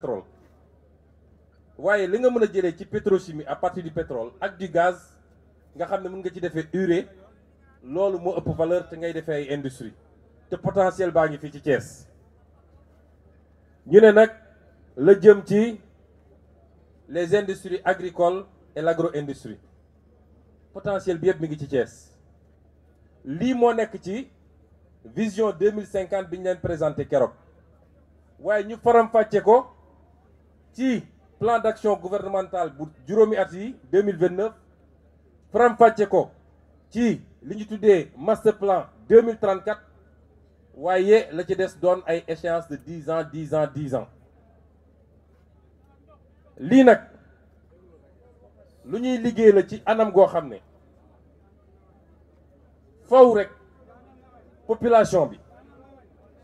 pétrole waaye li nga mën a jëlee ci pétrochimie à partir du pétrole ak du gaz nga xam ne mën nga ci defee urée loolu moo ëpp valeur te ngay defee ay industrie te potentiel baa ngi fii ci Thiès ñu ne nag la jëm ci les industries agricoles et l'agro-industrie potentiel bi yëpp mi ngi ci cees lii moo nekk ci vision 2050 bi ñu leen présenté keroog waaye ñu faram fàcce ko ci plan d'action gouvernementale bu juróomi at yi 2029 faram-fàcce ko ci li ñu tuddee master plan 2034 waaye la ci des doon ay échéance de dix ans dix ans dix ans lii nag lu ñuy liggéey la ci anam goo xam ne faw rek population bi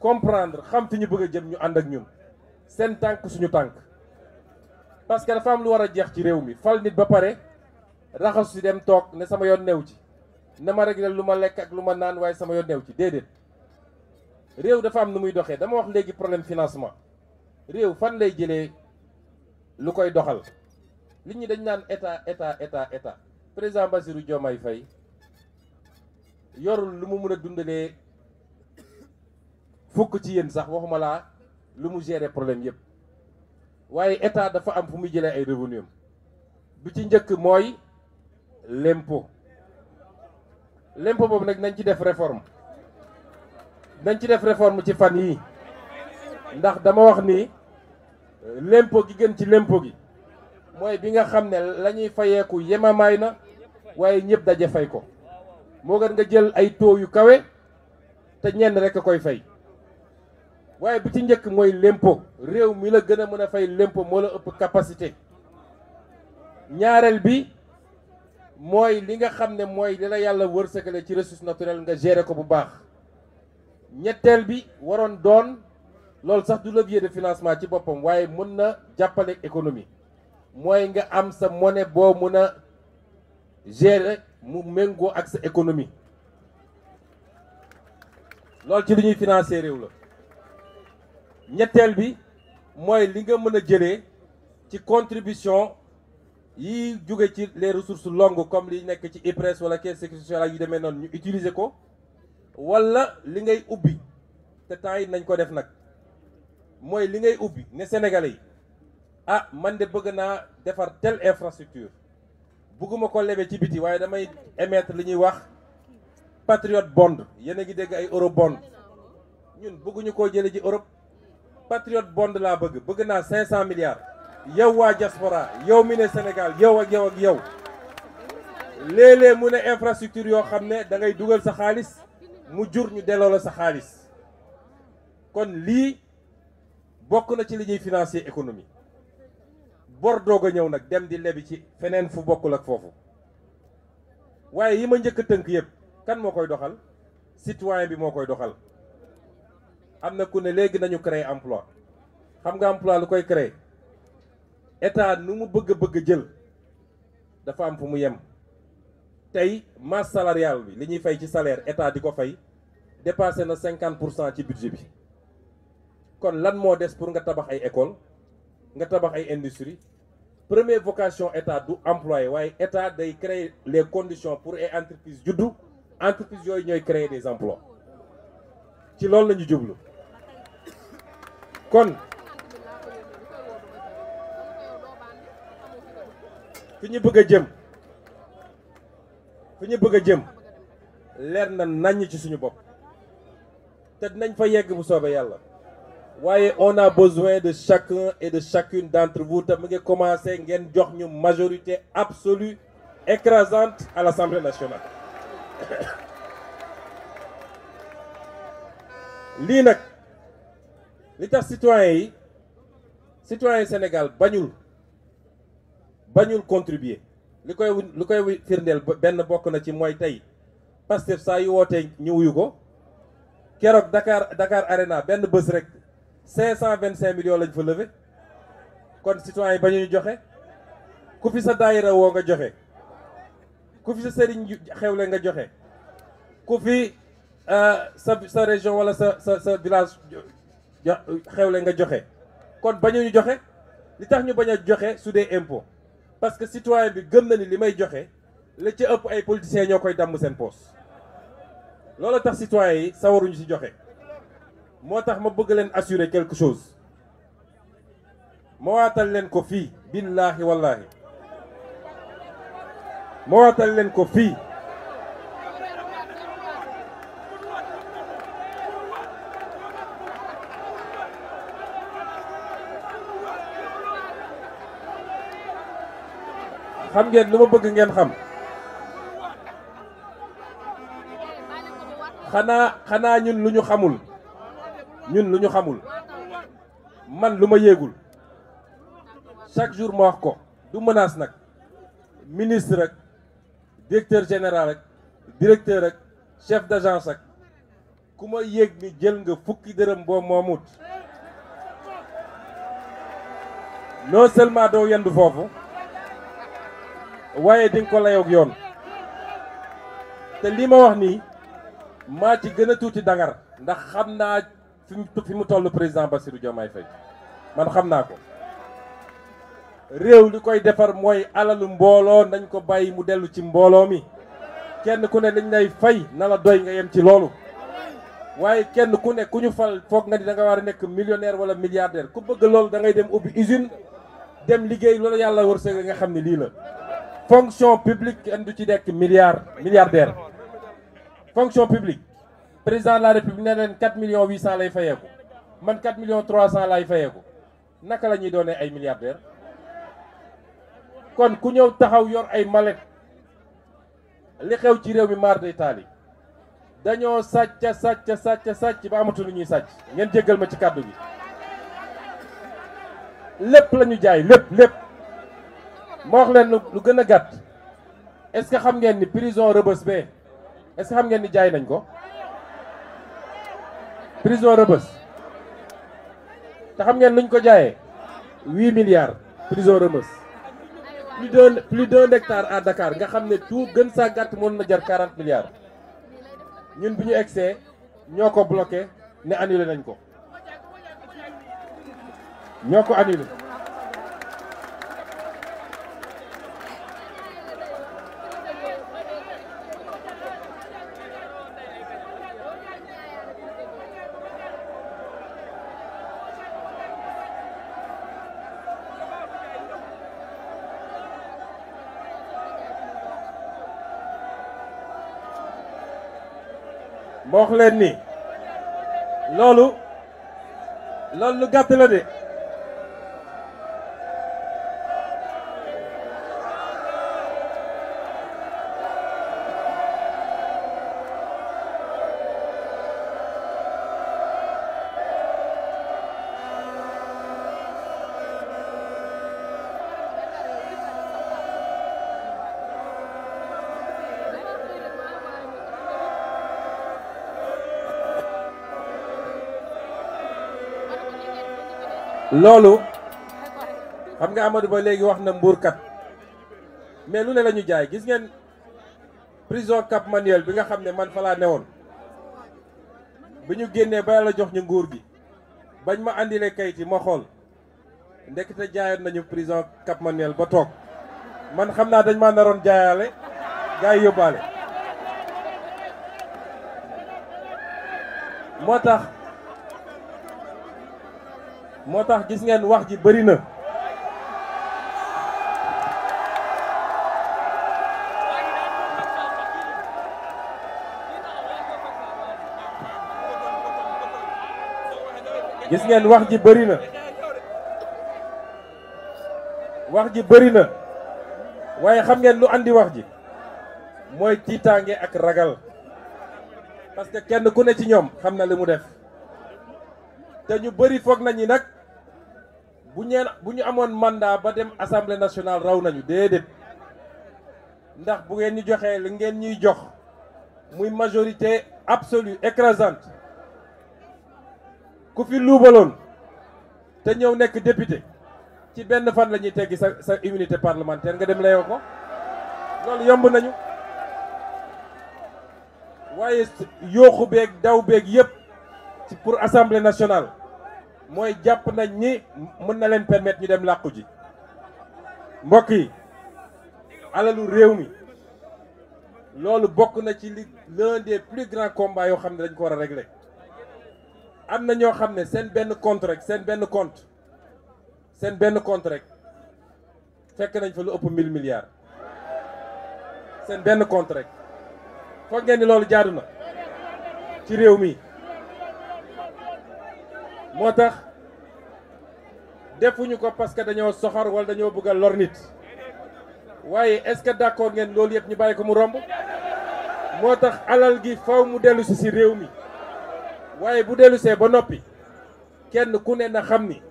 comprendre xam fi ñu bëgg a jëm ñu ànd ak ñun seen tànk suñu tànk parce que dafa am lu war a jeex ci réew mi fal nit ba pare raxas si dem toog ne sama yoon new ci na ma réglé lu ma lekk ak lu ma naan waaye sama yoon new ci déedéet réew dafa am nu muy doxee dama wax léegi problème financement réew fan lay jëlee lu koy doxal li ñu dañ naan état état état état président Bassirou Diomaye Faye yorul lu mu mën a dundalee fukk ci yéen sax waxuma laa lu mu gérer problème yëpp waaye état dafa am fu muy jëlee ay revenu am bi ci njëkk mooy lempo l'impôt boobu nag nañ ci def réforme nañ ci def réforme ci fan yii ndax dama wax ni lempo gi gën ci lempo gi mooy bi nga xam ne la ñuy fayeeku yemamaay na waaye ñëpp daje fay ko moo gën nga jël ay taux yu kawe te ñenn rek a koy fay waaye bi ci njëkk mooy lempo réew mi la gën a mën a fay lempo moo la ëpp capacité ñaareel bi mooy li nga xam ne mooy li la yàlla wërsëgale ci ressource naturel nga gérer ko bu baax ñetteel bi waroon doon loolu sax du levier de financement ci boppam waaye mën na jàppale économie mooy nga am sa mone boo mën a gérer mu méngoo ak sa économie loolu ci li ñuy financer réew la. ñetteel bi mooy li nga mën a jëlee ci contribution yi jóge ci les ressources longues comme li nekk ci IPRES wala caisse sécurité sociale yu demee noonu ñu utiliser ko wala li ngay ubbi te temps yi nañ ko def nag mooy li ngay ubbi ne Sénégalais yi ah man de bëgg naa defar tel infrastructure bëgguma ko lebe ci biti waaye damay émettre li ñuy wax patriot bond yéen a ngi dégg ay euro bond ñun bëgguñu koo jële ji Europe patriote bond laa bëgg bëgg naa 500 milliards yow waa diaspora yow mi ne Sénégal yow ak yow ak yow léeg-léeg mu ne infrastructure yoo xam ne dangay dugal sa xaalis mu jur ñu delloo la sa xaalis kon lii bokk na ci li ñuy financer économie bor doog a ñëw nag dem di lebi ci feneen fu bokkul ak foofu waaye yi ma njëkk a tënk yëpp kan moo koy doxal citoyen bi moo koy doxal am na ku ne léegi nañu créer emploi xam nga emploi lu koy créer état nu mu bëgg bëgg jël dafa am fu mu yem tey masse salariale bi li ñuy fay ci salaire état di ko fay dépassé na cinquante pour cent ci budget bi kon lan moo des pour nga tabax ay école nga tabax ay industrie premier vocation état du employé waaye état day créer les condition pour ay entreprise juddu entreprise yooyu ñooy créer des emplois ci loolu la jublu kon fi ñu bëgg jëm fi ñu bëgg a jëm leer na naññ ci suñu bopp te dinañ fa yegg bu soobee yàlla waaye on a besoin de chacun et de chacune d'entre vous te mu ngi commencé ngeen jox ñu majorité absolue écrasante à l'Assemblée nationale lii nag li tax citoyens yi citoyens Sénégal bañul bañul contribuer li koy koy firndeel benn bokk na ci mooy tey Pastef saa yu wootee ñu wuyu ko keroog Dakar Dakar Arena benn bës rek cinq cent vingt cinq millions lañu fa levé kon citoyens yi bañuñu joxe ku fi sa daayira woo joxe ku fi sa sëriñ xewle nga joxe ku fi euh, sa sa région wala sa sa sa village xewle nga joxe kon bañu ñu joxe li tax ñu bañ a joxe su dee impôt parce que citoyen bi gëm na ni li may joxe la ci ëpp ay politiciens ñoo koy damm seen poos loolu tax citoyen yi sawaruñu ci joxe moo tax ma bëgg leen assurer quelque chose ma waatal leen ko fii billaahi wallaahi ma waatal leen ko fii xam ngeen lu ma bëgg ngeen xam xanaa xanaa ñun lu ñu xamul ñun lu ñu xamul man lu ma yéegul chaque jour ma wax ko du menace nag ministre ak directeur général ak directeur ak chef d'agence ak ku ma yéeg ni jël nga fukki dërëm boo moomut non seulement doo yendu foofu waaye di nga ko layoog yoon te lii ma wax nii maa ci gën a tuuti dangar ndax xam naa fi mu toll président Bassirou Diomaye Faye man xam naa ko réew li koy defar mooy alalu mbooloo nañ ko bàyyi mu dellu ci mbooloo mi kenn ku ne dañ lay fay na la doy nga yem ci loolu waaye kenn ku ne ku ñu fal foog nga ni da nga war a nekk millionaire wala milliardaire ku bëgg loolu da ngay dem ubbi usine dem liggéey loolu yàlla wërsëg nga xam ni lii la fonction publique kenn du ci nekk milliard milliardaire fonction publique président de la république ne leen million millions 800 lay fayeeku man 4 millions 300 lay fayeeku naka la ñuy doonee ay milliardaire kon ku ñëw taxaw yor ay mallette li xew ci réew mi maar dañoo sàcc sàcc sàcc sàcc ba amatul ñuy sàcc ngeen jéggal ma ci kàddu gi lépp lañu jaay lépp lépp. moo wax leen lu gën a gàtt est-ce que xam ngeen ni prison Rebeuss bee est xam ngeen ni jaay nañ ko prison Rebeuss te xam ngeen luñ ko jaayee huit milliards prison Rebeuss plus d'un plus hectare à Dakar nga xam ne tout gën saa gàtt mën na jar quarante milliards ñun bu ñu egsee ñoo ko bloqué ne annulé nañ ko ñoo ko annulé ma leen ni loolu loolu lu gàtt la de loolu xam nga Amadou Ba léegi wax na mbuurkat mais lu ne la ñu jaay gis ngeen prison Cap Manuel bi nga xam ne man fa laa woon bi ñu génnee ba la jox ñu nguur gi bañ ma andile kayit yi ma xool ndekete jaayoon nañu prison Cap Manuel ba toog man xam naa dañ ma naroon jaayaale gars yi yóbbaale moo tax moo tax gis ngeen wax ji bëri na gis ngeen wax ji bëri na wax ji bëri na waaye xam ngeen lu indi wax ji mooy tiitaange ak ragal parce que kenn ku ne ci ñoom xam na li mu def te ñu bëri foog nañu nag bu ñeen bu ñu amoon mandat ba dem assemblée nationale raw nañu déedéet ndax bu ngeen ñu joxee li ngeen ñuy jox muy majorité absolue écrasante ku fi luubaloon te ñëw nekk député ci benn fan la ñuy teggi sa sa immunité parlementaire nga dem layoo ko loolu yomb nañu waaye yooxu beeg daw beeg yëpp ci pour assemblée nationale mooy jàpp nañ ni mën na leen permettre ñu dem làqu ji mbokk yi alalu réew mi loolu bokk na ci li l'un des plus grands combats yoo xam ne dañ ko war a régler am na ñoo xam ne seen benn compte rek seen benn compte seen benn compte rek fekk nañ fa lu ëpp mille milliards seen benn compte rek foog ngeen ni loolu jaadu na ci réew mi moo tax defuñu ko parce que dañoo soxor wala dañoo bëgg a lor nit waaye est-ce que d'accord ngeen loolu yëpp ñu bàyyi ko mu romb moo tax alal gi faw mu dellu si si réew mi waaye bu dellu see ba noppi kenn ku ne na xam ni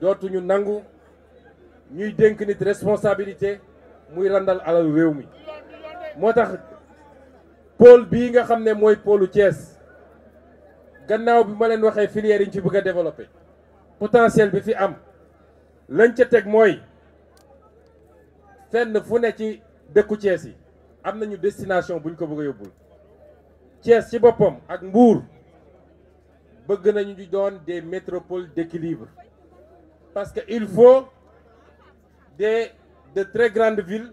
dootuñu nangu ñuy dénk nit responsabilité muy randal alal réew mi moo tax pôle bii nga xam ne mooy poolu Thiès gannaaw bi ma leen waxee filière yi ñu ci bëgg a développé potentiel bi fi am lañ ca teg mooy fenn fu ne ci dëkku Thiès yi am nañu destination buñ ko bëgg a yóbbul Thiès ci boppam ak Mbour bëgg nañu di doon des métropoles d'équilibre parce que il faut des de très grandes villes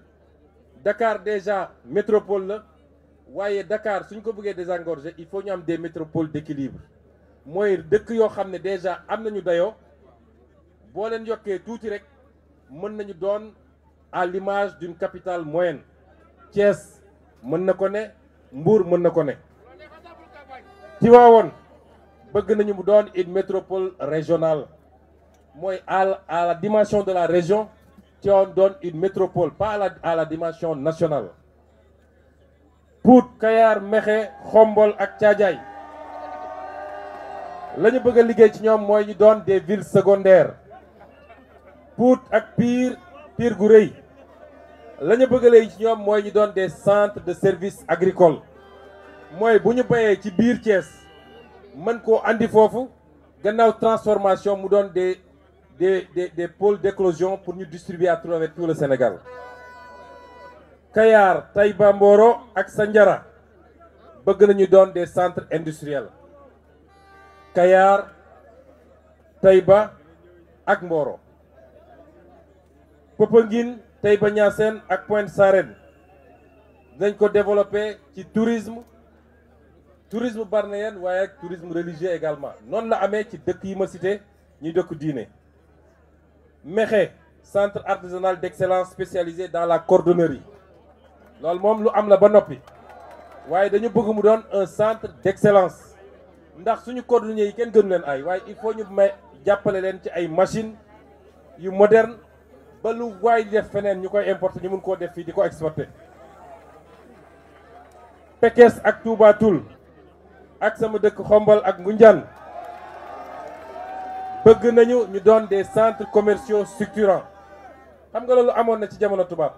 ndakaar déjà métropole la waaye Dakar suñ ko bëggee désengorger il faut ñu am des métropoles d'équilibre mooy dëkk yoo xam ne déjà am nañu dayoo boo leen yokkee tuuti rek mën nañu doon à l'image d'une capitale moyenne Thiès mën na ko ne Mbour mën na ko ne Tivaouane bëgg nañu mu doon une métropole régionale mooy à à la dimension de la région Tivaouane doon une métropole pas la à la dimension nationale Pout Kayar Mexe Xombol ak Caajaay la ñu bëgg a liggéey ci ñoom mooy ñu doon des villes secondaires Pout ak Pire Pire gu rëy la ñu bëgg a ci ñoom mooy ñu doon des centre de service agricole mooy bu ñu béyee ci biir Thiès mën ko indi foofu gannaaw transformation mu doon de des des des pôles d'éclosion pour ñu distribuer à travers tout le Sénégal Kayar Taïba Mboro ak sa njara bëgg nañu doon des centres industriels Kayar Taïba ak Mboro Popenguine Taïba Niassène ak Pointe Sarène dinañ ko développe ci tourisme tourisme balnéaire waaye ak tourisme religieux également noonu la amee ci dëkk yi ma cité ñuy dëkk diine Mékhé centre artisanal d'excellence spécialisé dans la cordonnerie loolu moom lu am na ba noppi waaye dañu bëgg mu doon un centre d'excellence ndax suñu cordonniers yi kenn gënu leen ay waaye il faut ñu may jàppale leen ci ay machines yu moderne ba lu waay def feneen ñu koy importer ñu mun koo def fii di ko exporter. Pekes ak Touba ak sama dëkk Xombal ak Ngunjaan bëgg nañu ñu doon des centre commerciaux structurants xam nga loolu amoon na ci jamono tubaab.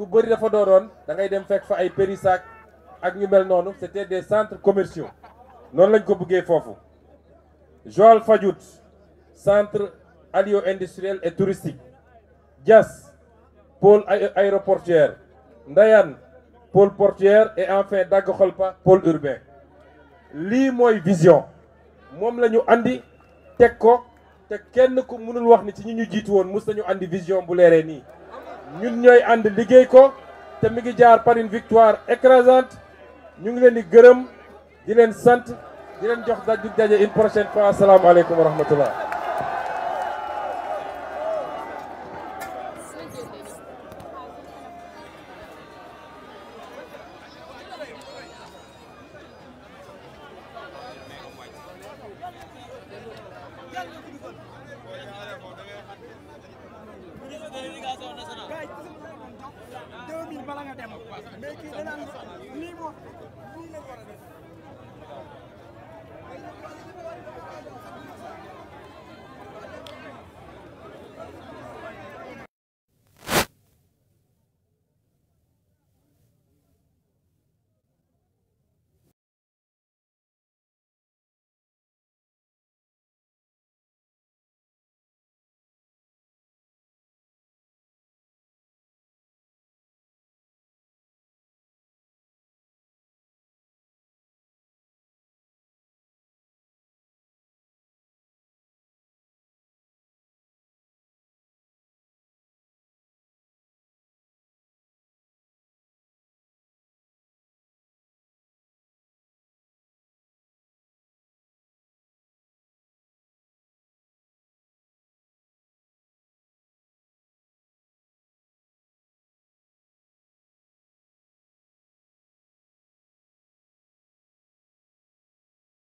bu bëri dafa dooroon dangay dem fekk fa ay Périssac ak ñu mel noonu c'était des centres commerciaux noonu lañ ko bëggee foofu joile Fadiouth centre alio industriel et touristique jas pôle aéroportuaire Ndayane pole portuaire et enfin Dagoxolpa pôle urbain lii mooy vision moom la ñu andi teg ko te kenn ku mënul wax ni ci ñi ñu jiitu woon mës nañu andi vision bu leeree nii ñun ñooy ànd liggéey ko te mi ngi jaar par une victoire écrasante ñu ngi leen di gërëm di leen sant di leen jox daj di daje une prochaine fois asalaamaaleykum wa rahmatullah